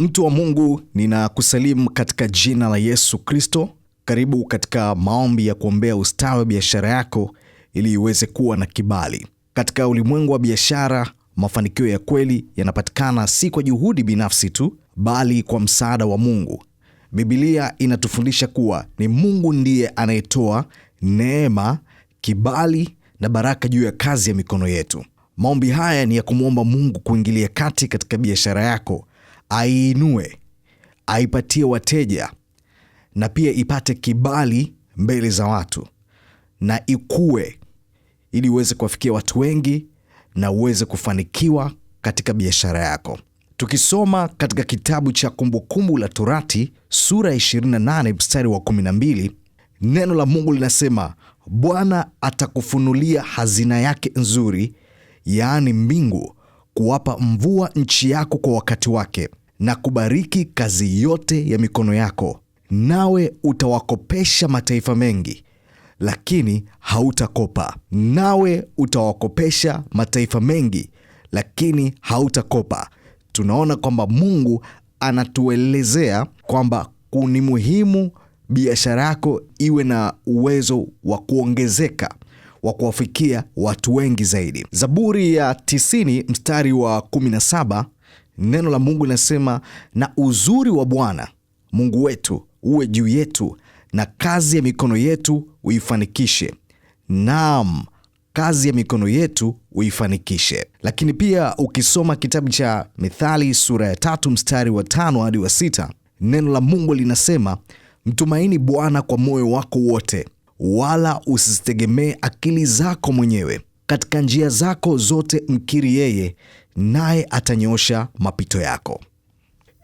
Mtu wa Mungu, ninakusalimu katika jina la Yesu Kristo. Karibu katika maombi ya kuombea ustawi wa biashara yako ili iweze kuwa na kibali. Katika ulimwengu wa biashara, mafanikio ya kweli yanapatikana si kwa juhudi binafsi tu, bali kwa msaada wa Mungu. bibilia inatufundisha kuwa ni Mungu ndiye anayetoa neema, kibali na baraka juu ya kazi ya mikono yetu. Maombi haya ni ya kumwomba Mungu kuingilia kati katika biashara yako aiinue, aipatie wateja na pia ipate kibali mbele za watu na ikue, ili uweze kuwafikia watu wengi na uweze kufanikiwa katika biashara yako. Tukisoma katika kitabu cha Kumbukumbu la Torati sura 28 mstari wa 12, neno la Mungu linasema Bwana atakufunulia hazina yake nzuri, yaani mbingu, kuwapa mvua nchi yako kwa wakati wake, na kubariki kazi yote ya mikono yako, nawe utawakopesha mataifa mengi, lakini hautakopa; nawe utawakopesha mataifa mengi, lakini hautakopa. Tunaona kwamba Mungu anatuelezea kwamba ni muhimu biashara yako iwe na uwezo wa kuongezeka wa kuwafikia watu wengi zaidi. Zaburi ya 9 mstari wa 17 Neno la Mungu linasema, na uzuri wa Bwana Mungu wetu uwe juu yetu, na kazi ya mikono yetu uifanikishe. Naam, kazi ya mikono yetu uifanikishe. Lakini pia ukisoma kitabu cha Mithali sura ya tatu mstari wa tano hadi wa sita neno la Mungu linasema, mtumaini Bwana kwa moyo wako wote, wala usizitegemee akili zako mwenyewe. Katika njia zako zote mkiri yeye, naye atanyosha mapito yako.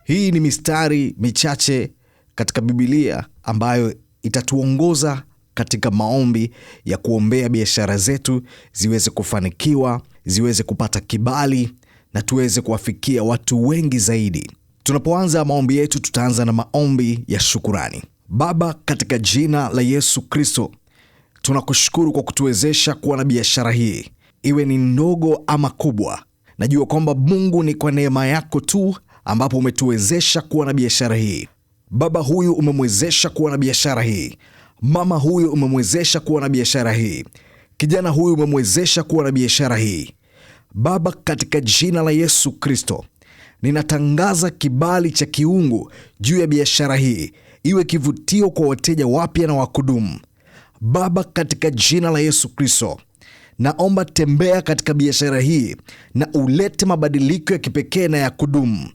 Hii ni mistari michache katika bibilia ambayo itatuongoza katika maombi ya kuombea biashara zetu ziweze kufanikiwa, ziweze kupata kibali na tuweze kuwafikia watu wengi zaidi. Tunapoanza maombi yetu, tutaanza na maombi ya shukurani. Baba, katika jina la Yesu Kristo, tunakushukuru kwa kutuwezesha kuwa na biashara hii, iwe ni ndogo ama kubwa. Najua kwamba Mungu ni kwa neema yako tu ambapo umetuwezesha kuwa na biashara hii. Baba huyu umemwezesha kuwa na biashara hii. Mama huyu umemwezesha kuwa na biashara hii. Kijana huyu umemwezesha kuwa na biashara hii. Baba, katika jina la Yesu Kristo, ninatangaza kibali cha kiungu juu ya biashara hii, iwe kivutio kwa wateja wapya na wakudumu. Baba, katika jina la Yesu Kristo Naomba tembea katika biashara hii na ulete mabadiliko ya kipekee na ya kudumu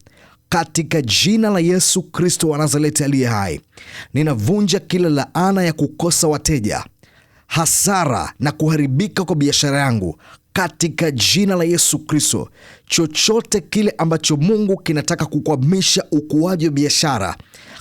katika jina la Yesu Kristo wa Nazareti aliye hai. Ninavunja kila laana ya kukosa wateja, hasara na kuharibika kwa biashara yangu katika jina la Yesu Kristo. Chochote kile ambacho Mungu kinataka kukwamisha ukuaji wa biashara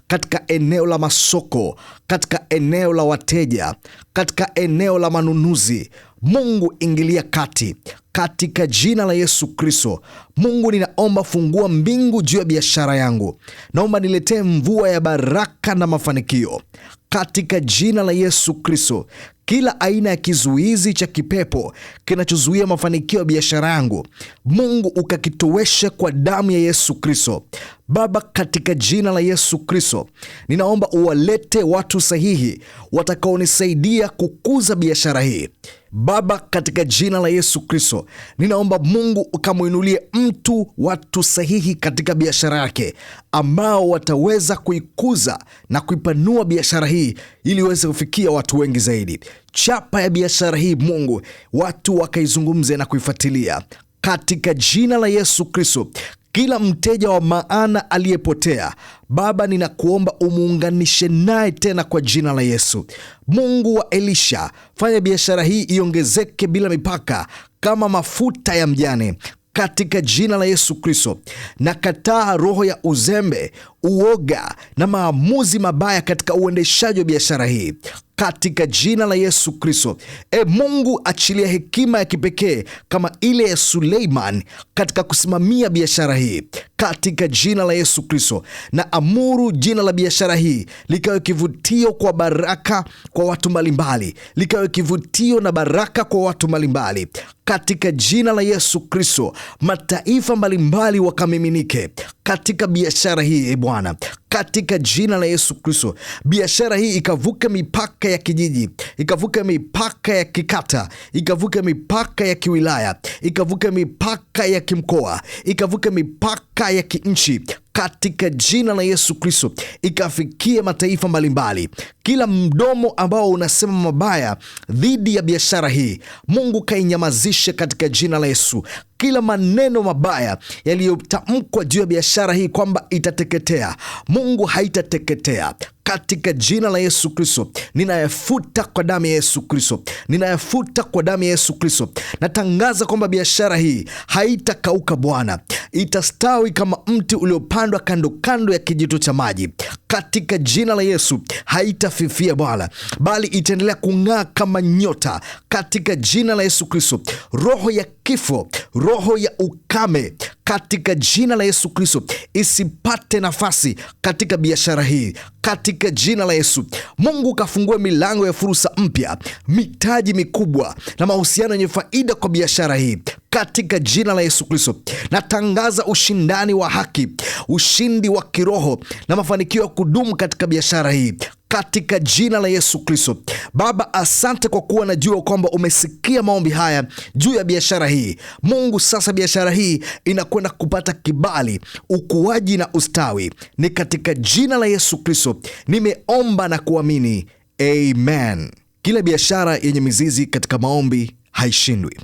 katika eneo la masoko, katika eneo la wateja, katika eneo la manunuzi. Mungu, ingilia kati katika jina la Yesu Kristo. Mungu, ninaomba fungua mbingu juu ya biashara yangu, naomba niletee mvua ya baraka na mafanikio katika jina la Yesu Kristo kila aina ya kizuizi cha kipepo kinachozuia mafanikio ya biashara yangu, Mungu ukakitoweshe kwa damu ya Yesu Kristo. Baba, katika jina la Yesu Kristo, ninaomba uwalete watu sahihi watakaonisaidia kukuza biashara hii. Baba, katika jina la Yesu Kristo, ninaomba Mungu ukamwinulie mtu watu sahihi katika biashara yake ambao wataweza kuikuza na kuipanua biashara hii ili iweze kufikia watu wengi zaidi. Chapa ya biashara hii Mungu, watu wakaizungumze na kuifuatilia katika jina la Yesu Kristo kila mteja wa maana aliyepotea. Baba, ninakuomba umuunganishe naye tena kwa jina la Yesu. Mungu wa Elisha, fanya biashara hii iongezeke bila mipaka kama mafuta ya mjane katika jina la Yesu Kristo. Nakataa roho ya uzembe, uoga na maamuzi mabaya katika uendeshaji wa biashara hii katika jina la Yesu Kristo. E Mungu, achilia hekima ya kipekee kama ile ya Suleiman katika kusimamia biashara hii katika jina la Yesu Kristo. Na amuru jina la biashara hii likawe kivutio kwa baraka kwa watu mbalimbali, likawe kivutio na baraka kwa watu mbalimbali katika jina la Yesu Kristo. Mataifa mbalimbali wakamiminike katika biashara hii, e Bwana, katika jina la Yesu Kristo. Biashara hii ikavuka mipaka ya kijiji, ikavuka mipaka ya kikata, ikavuka mipaka ya kiwilaya, ikavuka mipaka ya kimkoa, ikavuka mipaka ya kinchi katika jina la Yesu Kristo, ikafikia mataifa mbalimbali. Kila mdomo ambao unasema mabaya dhidi ya biashara hii, Mungu kainyamazishe katika jina la Yesu kila maneno mabaya yaliyotamkwa juu ya biashara hii kwamba itateketea, Mungu haitateketea. Katika jina la Yesu Kristo ninayafuta kwa damu ya Yesu Kristo, ninayafuta kwa damu ya Yesu Kristo. Natangaza kwamba biashara hii haitakauka Bwana, itastawi kama mti uliopandwa kando kando ya kijito cha maji. Katika jina la Yesu haitafifia Bwana, bali itaendelea kung'aa kama nyota. Katika jina la Yesu Kristo, roho ya kifo roho ya ukame katika jina la Yesu Kristo isipate nafasi katika biashara hii katika jina la Yesu. Mungu kafungue milango ya fursa mpya, mitaji mikubwa na mahusiano yenye faida kwa biashara hii katika jina la Yesu Kristo. Natangaza ushindani wa haki, ushindi wa kiroho na mafanikio ya kudumu katika biashara hii katika jina la Yesu Kristo. Baba, asante kwa kuwa najua kwamba umesikia maombi haya juu ya biashara hii. Mungu, sasa biashara hii inakwenda kupata kibali, ukuaji na ustawi. Ni katika jina la Yesu Kristo nimeomba na kuamini, amen. Kila biashara yenye mizizi katika maombi haishindwi.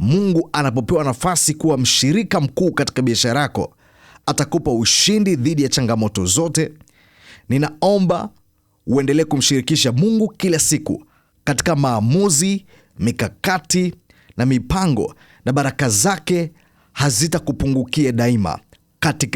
Mungu anapopewa nafasi kuwa mshirika mkuu katika biashara yako, atakupa ushindi dhidi ya changamoto zote. Ninaomba uendelee kumshirikisha Mungu kila siku katika maamuzi, mikakati na mipango, na baraka zake hazitakupungukia daima katika